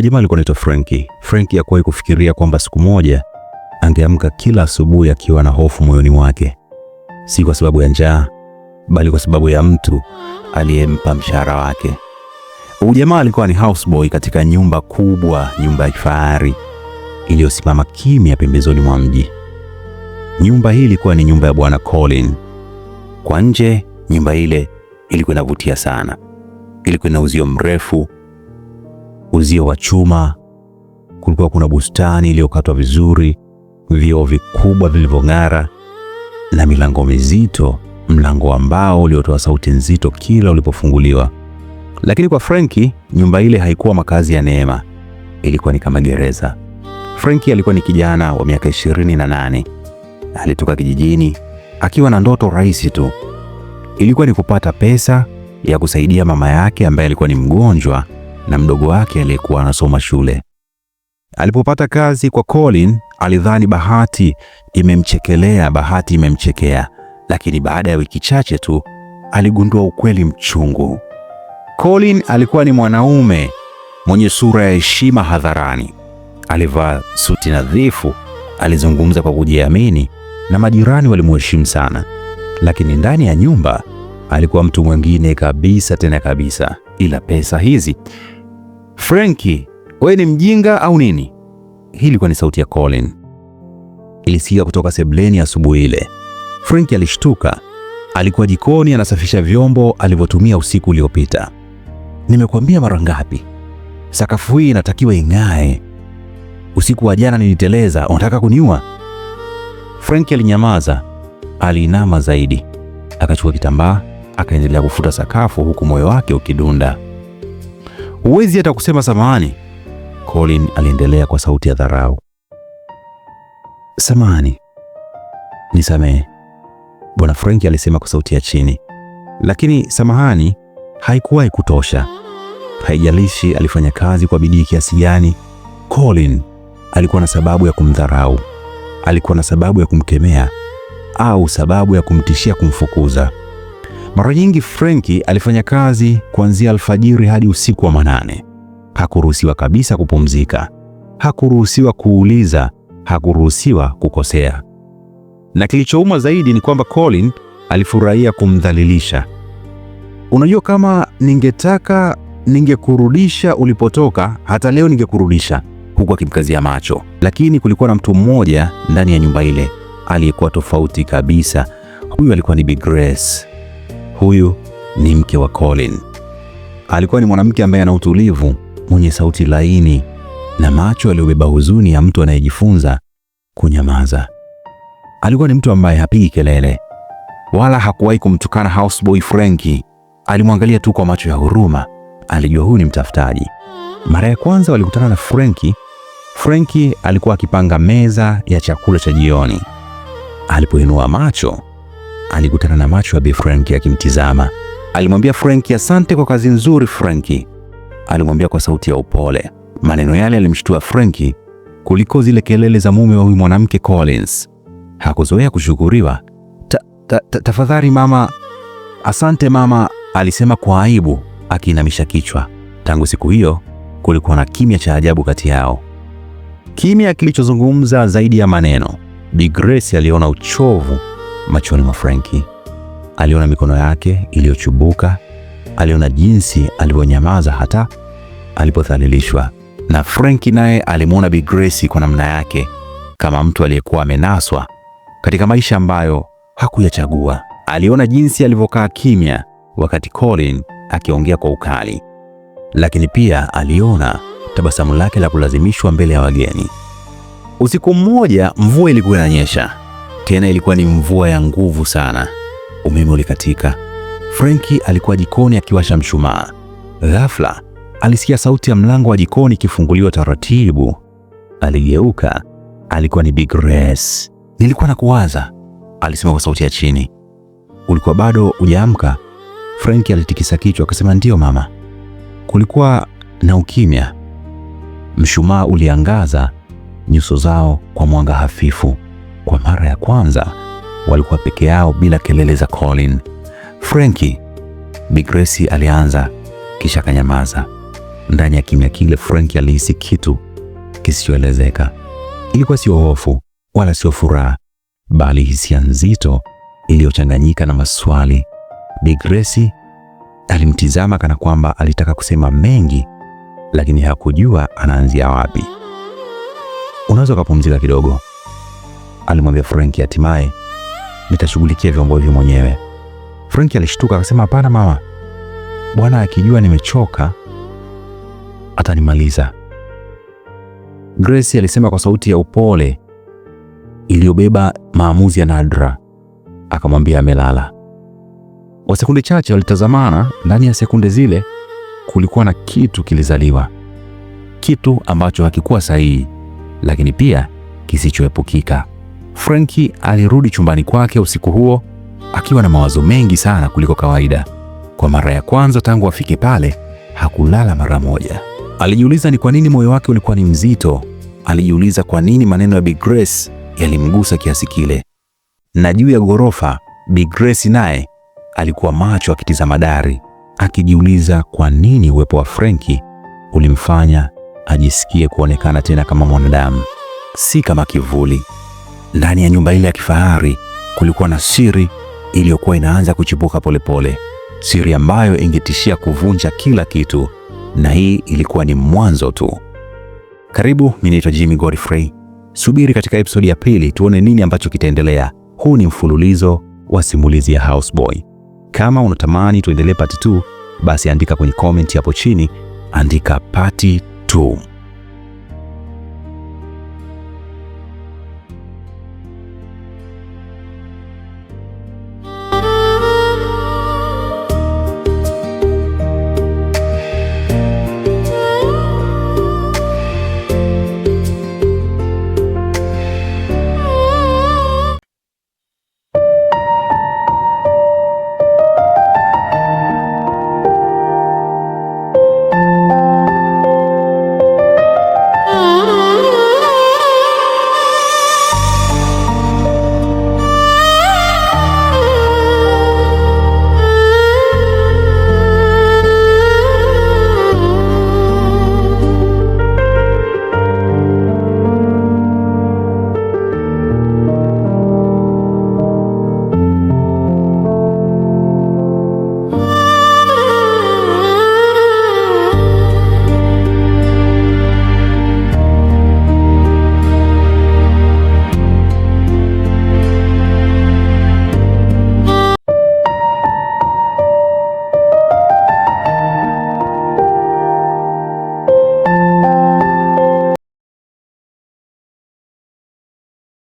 Kuna jamaa alikuwa anaitwa Frenki. Frenki hakuwahi kufikiria kwamba siku moja angeamka kila asubuhi akiwa na hofu moyoni mwake, si kwa sababu ya njaa, bali kwa sababu ya mtu aliyempa mshahara wake. Huyu jamaa alikuwa ni houseboy katika nyumba kubwa, nyumba ya kifahari iliyosimama kimya pembezoni mwa mji. Nyumba hii ilikuwa ni nyumba ya Bwana Colin. Kwa nje, nyumba ile ilikuwa inavutia sana, ilikuwa na uzio mrefu uzio wa chuma, kulikuwa kuna bustani iliyokatwa vizuri, vioo vikubwa vilivyong'ara na milango mizito, mlango wa mbao uliotoa sauti nzito kila ulipofunguliwa. Lakini kwa Frenki, nyumba ile haikuwa makazi ya neema, ilikuwa ni kama gereza. Frenki alikuwa ni kijana wa miaka ishirini na nane. Alitoka kijijini akiwa na ndoto rahisi tu, ilikuwa ni kupata pesa ya kusaidia mama yake ambaye alikuwa ni mgonjwa na mdogo wake aliyekuwa anasoma shule. Alipopata kazi kwa Colin, alidhani bahati imemchekelea, bahati imemchekea, lakini baada ya wiki chache tu aligundua ukweli mchungu. Colin alikuwa ni mwanaume mwenye sura ya heshima hadharani. Alivaa suti nadhifu, alizungumza kwa kujiamini na majirani walimheshimu sana, lakini ndani ya nyumba alikuwa mtu mwingine kabisa, tena kabisa. Ila pesa hizi Frenki, wewe ni mjinga au nini? Hii ilikuwa ni sauti ya Colin, ilisikika kutoka sebleni asubuhi ile. Frenki alishtuka. Alikuwa jikoni anasafisha vyombo alivyotumia usiku uliopita. Nimekuambia mara ngapi, sakafu hii inatakiwa ing'ae. Usiku wa jana niliteleza, unataka kuniua? Frenki alinyamaza, aliinama zaidi, akachukua kitambaa, akaendelea kufuta sakafu, huku moyo wake ukidunda huwezi hata kusema samahani, Colin aliendelea kwa sauti ya dharau. Samahani, nisamehe, Bwana Frank alisema kwa sauti ya chini, lakini samahani haikuwahi kutosha. Haijalishi alifanya kazi kwa bidii kiasi gani, Colin alikuwa na sababu ya kumdharau, alikuwa na sababu ya kumkemea au sababu ya kumtishia kumfukuza. Mara nyingi Frenki alifanya kazi kuanzia alfajiri hadi usiku wa manane. Hakuruhusiwa kabisa kupumzika, hakuruhusiwa kuuliza, hakuruhusiwa kukosea. Na kilichouma zaidi ni kwamba Colin alifurahia kumdhalilisha. Unajua, kama ningetaka ningekurudisha ulipotoka, hata leo ningekurudisha, huku akimkazia macho. Lakini kulikuwa na mtu mmoja ndani ya nyumba ile aliyekuwa tofauti kabisa. Huyu alikuwa ni Bi Grace. Huyu ni mke wa Colin. Alikuwa ni mwanamke ambaye ana utulivu, mwenye sauti laini na macho aliyobeba huzuni ya mtu anayejifunza kunyamaza. Alikuwa ni mtu ambaye hapigi kelele wala hakuwahi kumtukana houseboy Frenki. Alimwangalia tu kwa macho ya huruma, alijua huyu ni mtafutaji. Mara ya kwanza walikutana na Frenki, Frenki alikuwa akipanga meza ya chakula cha jioni. Alipoinua macho alikutana na macho ya Bi Franki akimtizama. Alimwambia Franki, asante kwa kazi nzuri Franki, alimwambia kwa sauti ya upole. Maneno yale yalimshtua Franki kuliko zile kelele za mume wa huyu mwanamke Collins. Hakuzoea kushukuriwa. Ta, ta, ta, mama. Asante mama, alisema kwa aibu akiinamisha kichwa. Tangu siku hiyo kulikuwa na kimya cha ajabu kati yao, kimya kilichozungumza zaidi ya maneno. Bi Grace aliona uchovu machoni mwa Frenki. Aliona mikono yake iliyochubuka, aliona jinsi alivyonyamaza hata alipodhalilishwa, na Frenki naye alimwona Bi Grace kwa namna yake, kama mtu aliyekuwa amenaswa katika maisha ambayo hakuyachagua. Aliona jinsi alivyokaa kimya wakati Colin akiongea kwa ukali, lakini pia aliona tabasamu lake la kulazimishwa mbele ya wageni. Usiku mmoja, mvua ilikuwa inanyesha. Tena ilikuwa ni mvua ya nguvu sana. Umeme ulikatika. Frenki alikuwa jikoni akiwasha mshumaa. Ghafla alisikia sauti ya mlango wa jikoni ikifunguliwa taratibu. Aligeuka, alikuwa ni Big Grace. Nilikuwa na kuwaza, alisema kwa sauti ya chini. Ulikuwa bado hujaamka? Frenki alitikisa kichwa akasema, ndiyo mama. Kulikuwa na ukimya. Mshumaa uliangaza nyuso zao kwa mwanga hafifu. Kwa mara ya kwanza walikuwa peke yao bila kelele za Colin. Frenki, Bi Grace alianza, kisha akanyamaza. Ndani ya kimya kile, Frenki alihisi kitu kisichoelezeka. Ilikuwa sio hofu wala sio furaha, bali hisia nzito iliyochanganyika na maswali. Bi Grace alimtizama kana kwamba alitaka kusema mengi, lakini hakujua anaanzia wapi. Unaweza ukapumzika kidogo alimwambia Frenki. Hatimaye nitashughulikia vyombo hivyo mwenyewe. Frenki alishtuka akasema, hapana mama, bwana akijua nimechoka atanimaliza. Grace alisema kwa sauti ya upole iliyobeba maamuzi ya nadra, akamwambia amelala. Kwa sekunde chache walitazamana. Ndani ya sekunde zile kulikuwa na kitu kilizaliwa, kitu ambacho hakikuwa sahihi, lakini pia kisichoepukika. Frenki alirudi chumbani kwake usiku huo akiwa na mawazo mengi sana kuliko kawaida. Kwa mara ya kwanza tangu afike pale, hakulala mara moja. Alijiuliza ni kwa nini moyo wake ulikuwa ni mzito. Alijiuliza kwa nini maneno ya Big Grace yalimgusa kiasi kile. Na juu ya ghorofa, Big Grace naye alikuwa macho akitizama dari, akijiuliza kwa nini uwepo wa Frenki ulimfanya ajisikie kuonekana tena kama mwanadamu, si kama kivuli. Ndani ya nyumba ile ya kifahari kulikuwa na siri iliyokuwa inaanza kuchipuka polepole, siri ambayo ingetishia kuvunja kila kitu, na hii ilikuwa ni mwanzo tu. Karibu, mimi naitwa Jimmy Godfrey. Subiri katika episodi ya pili tuone nini ambacho kitaendelea. Huu ni mfululizo wa simulizi ya Houseboy. Kama unatamani tuendelee pati 2, basi andika kwenye comment hapo chini, andika pati 2.